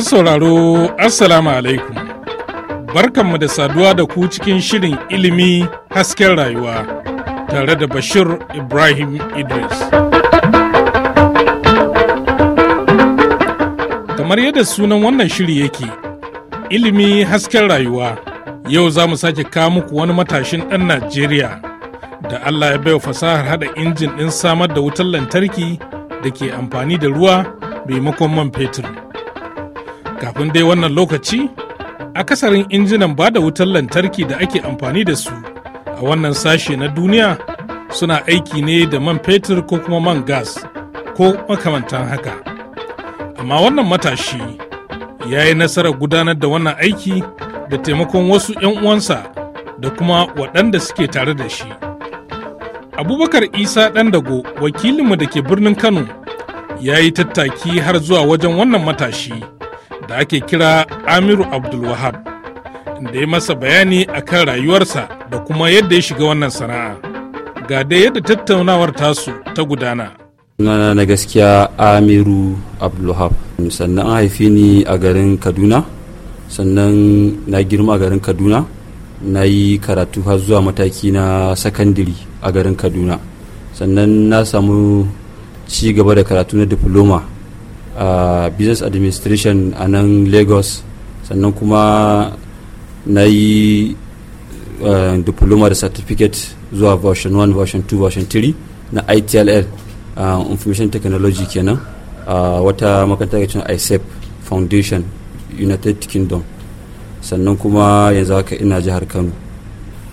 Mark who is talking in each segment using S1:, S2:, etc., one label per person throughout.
S1: Masu sauraro, Assalamu alaikum. Barkanmu da saduwa da ku cikin shirin ilimi hasken rayuwa tare da Bashir Ibrahim Idris. Kamar yadda sunan wannan shiri yake, ilimi hasken rayuwa yau za mu sake kawo muku wani matashin ɗan Najeriya da Allah ya baiwa fasahar haɗa injin ɗin samar da wutar lantarki da ke amfani da ruwa maimakon man fetur. Kafin dai wannan lokaci, akasarin injinan ba da wutar lantarki da ake amfani da su a wannan sashe na duniya suna aiki ne da man fetur ko kuma man gas ko makamantan haka. Amma wannan matashi ya yi nasarar gudanar da wannan aiki da taimakon wasu 'yan uwansa da kuma waɗanda suke tare da shi. Abubakar Isa ɗan Dago, wakilinmu da ke birnin Kano ya yi tattaki har zuwa wajen wannan matashi. da ake kira Amiru Abdulwahab da ya masa bayani akan rayuwarsa da kuma yadda ya shiga wannan sana'a. Ga da yadda tattaunawar tasu ta gudana.
S2: Sunana na gaskiya Amiru Abdulwahab. Sannan an haifi ni a garin Kaduna, sannan na girma a garin Kaduna, na yi karatu har zuwa mataki na sakandiri a garin Kaduna. Sannan na samu ci gaba da karatu na diploma uh, business administration a nan lagos sannan kuma na yi uh, diploma da certificate zuwa version 1 version 2 version 3 na itll uh, information technology kenan uh, wata ga cin isep foundation united kingdom sannan kuma yanzu haka ina jihar kano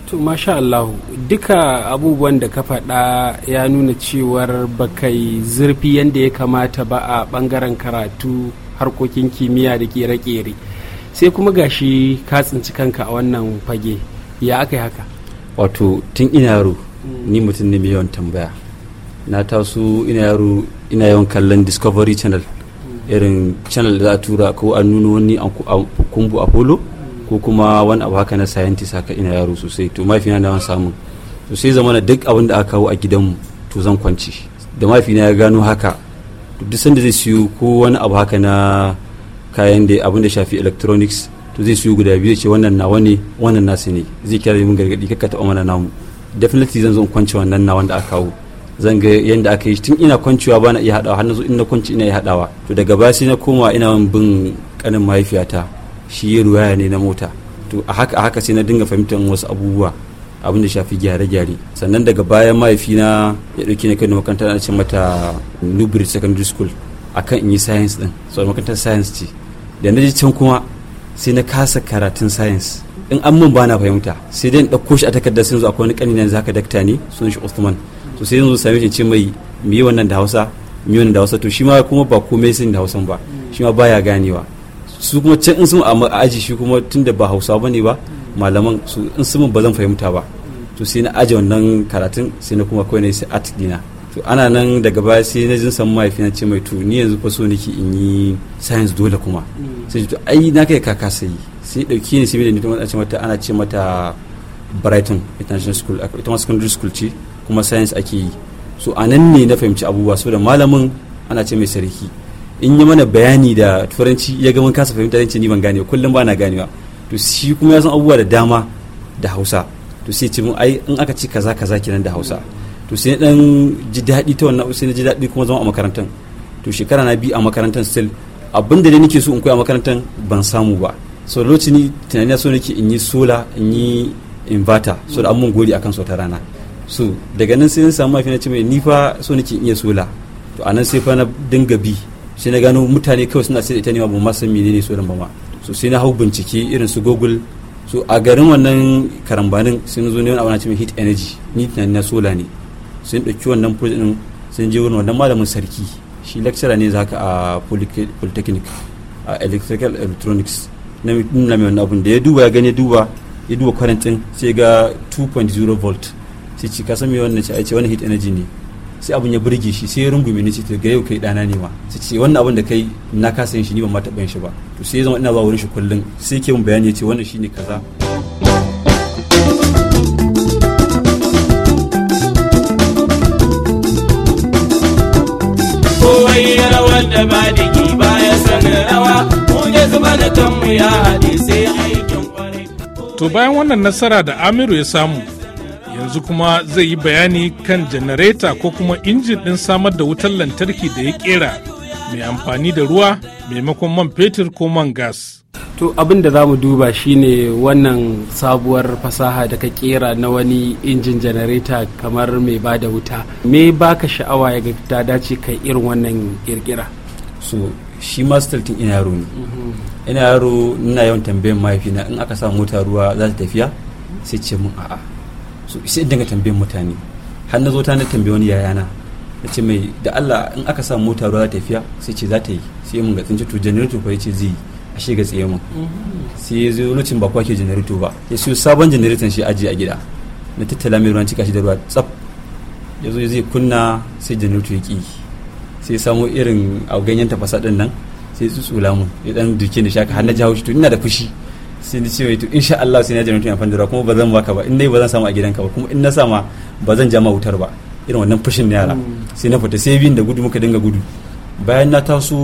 S1: to masha Allahu duka abubuwan da ka
S2: faɗa ya nuna cewar bakai zurfi yadda ya kamata ba a ɓangaren karatu harkokin kimiyya da kere-kere sai kuma gashi ka tsinci kanka a wannan fage ya aka yi haka wato tun ina yaro mm. ni mutum ne mai yawan tambaya na taso ina yaro ina yawan kallon discovery channel mm. irin channel da za a tura ko an nuna wani kumbu apollo ko kuma wani abu haka na scientist haka ina yaro sosai to mafi na wani samun to sai na duk abin da aka kawo a gidanmu to zan kwanci da na ya gano haka to duk sanda zai siyo ko wani abu haka na kayan da abin da shafi electronics to zai siyo guda biyu ce wannan na ne wannan na ne zai kira mun gargadi kakka taɓa mana namu definitely zan zo in kwance wannan na wanda aka kawo zan ga yadda aka yi tun ina kwanciwa ba na iya haɗawa har na zo ina kwanci ina iya haɗawa to daga baya sai na koma ina bin kanin mahaifiyata shi ruwaya ne na mota to a haka a haka sai na dinga fahimtar wasu abubuwa abin da shafi gyare-gyare sannan daga bayan mahaifina ya ɗauki na kai makaranta na ce mata newbridge secondary school akan in yi science din so makarantar science ce da na je can kuma sai na kasa karatun science in an mun bana fahimta sai dai in ɗauko shi a takardar sai yanzu akwai wani ƙanina zaka dakta ne sunan shi Usman. to sai yanzu same shi ce mai me wannan da Hausa me wannan da Hausa to shi ma kuma ba komai sani da Hausan ba shi ma baya ganewa su kuma can in sun a aji shi kuma tunda ba hausa ba ne ba malaman su in sun ba zan fahimta ba to sai na aji wannan karatun sai na kuma kawai na sai art dina to ana nan daga baya sai na jin san mahaifi na ce mai to ni yanzu fa so nake in yi science dole kuma mm. sai to ai na kai kaka sai sai dauke ni sai da ni ta mata ana ce mata Brighton International School ita ma secondary school ce kuma science ake yi so anan ne na fahimci abubuwa saboda malamin ana ce mai sarki in yi mana bayani da turanci ya ga mun kasa fahimta zan ce ni ban gane kullum ba na ganewa to shi kuma ya san abubuwa da dama da hausa to sai ce mun ai in aka ci kaza kaza kenan da hausa to sai dan ji daɗi ta wannan sai na ji daɗi kuma zama a makarantar to shekara na biyu a makarantar still abin da nake so in koya a makarantar ban samu ba so lokacin ni tunani so nake in yi sola in yi inverter so da mun gori akan so ta rana so daga nan sai na samu mafi na ce mai nifa so nake in iya sola to anan sai fa na dinga bi sai na gano mutane kawai suna sai ita ne ba ma san menene su ba ma so sai na hau bincike irin su google so a garin wannan karambanin sun zo ne wani abu na cewa heat energy ni tunani na sola ne sun dauki wannan project din sun je wurin wannan malamin sarki shi lecturer ne zaka a polytechnic a electrical electronics na mai wannan abun da ya duba ya gani duba ya duba current din sai ga 2.0 volt sai ci ka san me wannan ce a ce wannan heat energy ne sai abin ya burge shi sai ya rungume ni ce ga yau kai dana ne ma sai ce wannan abin da kai na kasa yin shi ni ban ma taɓa yin shi ba to sai ya zama ina zuwa wurin shi kullum sai ke mun bayani ya ce wannan shine kaza
S1: ne to bayan wannan nasara da Amiru ya samu yanzu kuma zai yi bayani kan janareta ko kuma injin din samar da wutar lantarki da ya kera mai amfani da ruwa maimakon man fetur ko man gas. To abin da za mu duba shine wannan sabuwar fasaha da ka kera na wani injin janareta kamar mai
S2: ba da wuta. Me baka sha'awa ya ga ta dace kai irin wannan kirkira? So shi master tun ina yaro ne. Ina yaro ina yawan tambayin mahaifina in aka sa mota ruwa za ta tafiya sai ce mun a'a. su sai dinga tambayin mutane har na zo ta na tambayi wani yayana na ce mai da Allah in aka sa mota ruwa za tafiya sai ce za ta yi sai mun ga tsinci to generator fa yace zai ashe ga tsaye mun sai ya zo lokacin ba kwa ke generator ba ya siyo sabon generator shi ajiye a gida na tattala mai ruwan cika shi da ruwa tsaf ya zo zai kunna sai generator ya ki sai samo irin a ganyen tafasa din nan sai tsutsula mun ya dan duke ni shaka har na jawo shi to ina da fushi sai ni cewa to insha Allah sai na ji mutum amfani kuma ba zan baka ba in dai ba zan samu a gidanka ba kuma in na sama ba zan ja ma wutar ba irin wannan fushin yara mm. sai na fita sai bin da gudu muka dinga gudu bayan na taso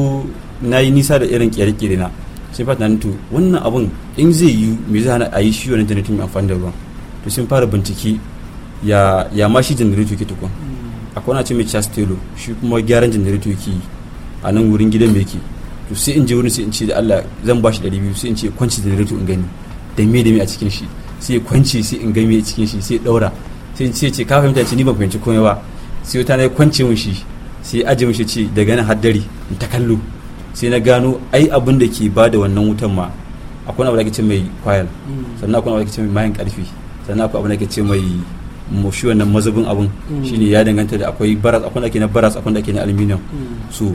S2: na yi nisa da irin kere-kere na sai fata to wannan abun in zai yi me zai hana a yi shi wannan janitun mai amfani da ruwan to sun fara bincike ya ya ma shi janareto ke tukun mm. akwai wani ce mai chastelo shi kuma gyaran janitun yake a nan wurin gidan mai yake to sai in je wurin sai in ce da Allah zan bashi ɗari biyu sai in ce kwanci da dare to in gani da me da me a cikin shi sai kwanci sai in gani a cikin shi sai daura sai ce ce ka fahimta ce ni ban fahimci komai ba sai wata na kwance mun shi sai aje mun shi ce daga nan har dare in ta kallo sai na gano ai abin da ke bada wannan wutan ma akwai abu da ake ce mai kwayal sannan akwai abu da ake ce mai mayan karfi sannan akwai abu da ke ce mai shi wannan mazubin abun mm. shine ya danganta da akwai baras akwai da ake na baras akwai da ake na aluminium mm. so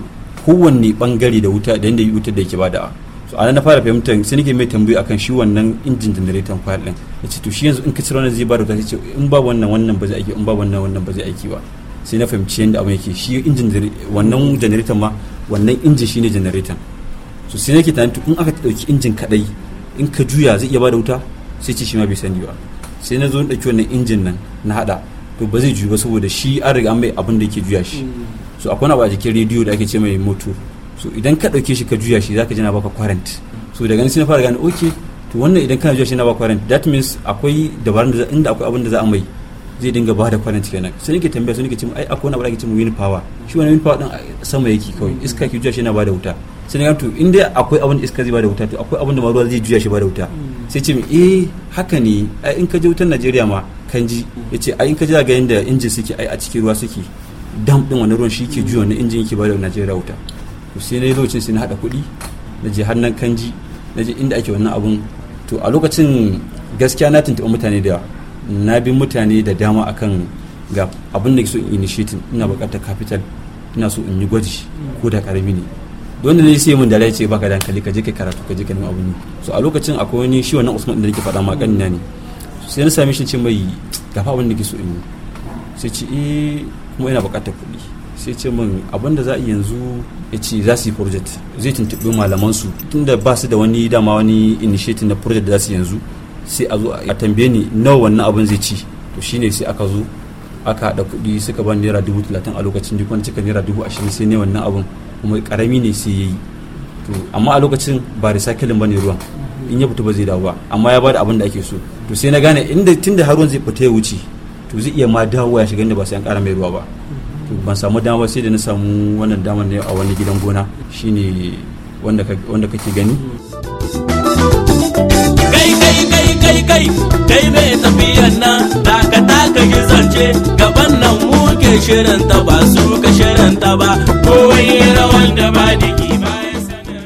S2: kowanne bangare da wuta da yanda wutar da yake bada so ana na fara fahimtar sai nake mai tambayi akan shi wannan injin generator file din ce to shi yanzu in ka cire wannan zai bada wuta sai ce in ba wannan wannan ba zai aiki in ba wannan wannan ba zai aiki ba sai na fahimci yadda abin yake shi injin wannan generator ma wannan injin shine generator so sai nake tunanin in aka dauki injin kadai in ka juya zai iya bada wuta sai ce shi ma bai sani ba sai na zo na dauki wannan injin nan na hada to ba zai juyu ba saboda shi an riga an mai abin da yake juya shi mm. so akwai abu a jikin rediyo da ake ce mai moto so idan ka ɗauke shi ka juya shi zaka ji na baka kwarant so daga nan sai na fara gane okay to wannan idan kana juya shi na baka kwarant that means akwai dabarun da inda akwai abin da za a mai zai dinga ba da current kenan sai nake tambaya sai nake ce ai akwai wani abu da ake ce wind power shi wani wind power din sama yake kawai iska ke juya shi na ba da wuta sai na to in dai akwai abin da iska zai ba da wuta to akwai abin da ma ruwa zai juya shi ba da wuta sai ce eh haka ne ai in ka je wutar Najeriya ma kan ji yace ai in ka je ga yanda injin suke ai a cikin ruwa suke dam din wani ruwan shi ke juya wani injin yake bada Najeriya wuta to sai na lokacin sai na hada kuɗi na je hannan kanji na je inda ake wannan abun to a lokacin gaskiya na tuntuɓa mutane da na bi mutane da dama akan ga abin da so in initiating ina buƙatar capital ina so in yi gwaji ko da karami ne don da sai mun da lai ce baka da hankali ka je ka karatu ka je ka nemi abin so a lokacin akwai wani shi wannan Usman da nake faɗa ma kanina ne sai na sami shi cin mai gafa abin da ke so in yi sai ce eh kuma ina bukatar kuɗi sai ce min abin za a yanzu ya ce za su yi project zai tuntuɓi malaman su tunda ba su da wani dama wani initiative na project da za su yanzu sai a zo a tambaye ni nawa wannan abin zai ci to shine sai aka zo aka haɗa kuɗi suka ba naira dubu talatin a lokacin duk wani cika naira dubu ashirin sai ne wannan abin kuma karami ne sai ya yi to amma a lokacin ba recycling ba ne ruwan in ya fito ba zai dawo ba amma ya ba da abin da ake so to sai na gane inda tunda har ruwan zai fita ya wuce to zai iya ma dawo ya shiga inda ba sai an ƙara mai ruwa ba ban samu dama sai da na samu wannan damar ne a wani gidan gona shine wanda kake gani kai kai kai
S1: kai kai kai me tafiyan nan taka taka zance gaban nan muke shirin ta ba su ka shirin ta ba kowai rawan da ba diki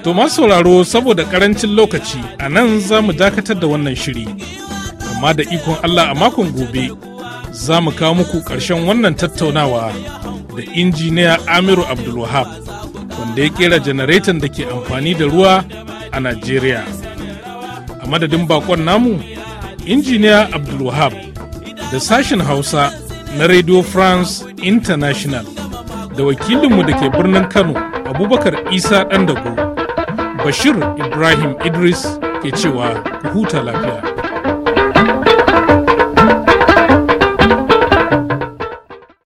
S1: To masu sauraro saboda karancin lokaci a nan za mu dakatar da wannan shiri amma da ikon Allah a makon gobe za mu kawo muku ƙarshen wannan tattaunawa da injiniya Amiru Abdulwahab wanda ya kera janareton da ke amfani da ruwa a Najeriya. A madadin bakon namu, injiniya Abdulwahab da sashen Hausa na Radio France International da wakilinmu da ke birnin Kano Abubakar Isa Dandago, Bashir Ibrahim Idris ke cewa ku huta lafiya.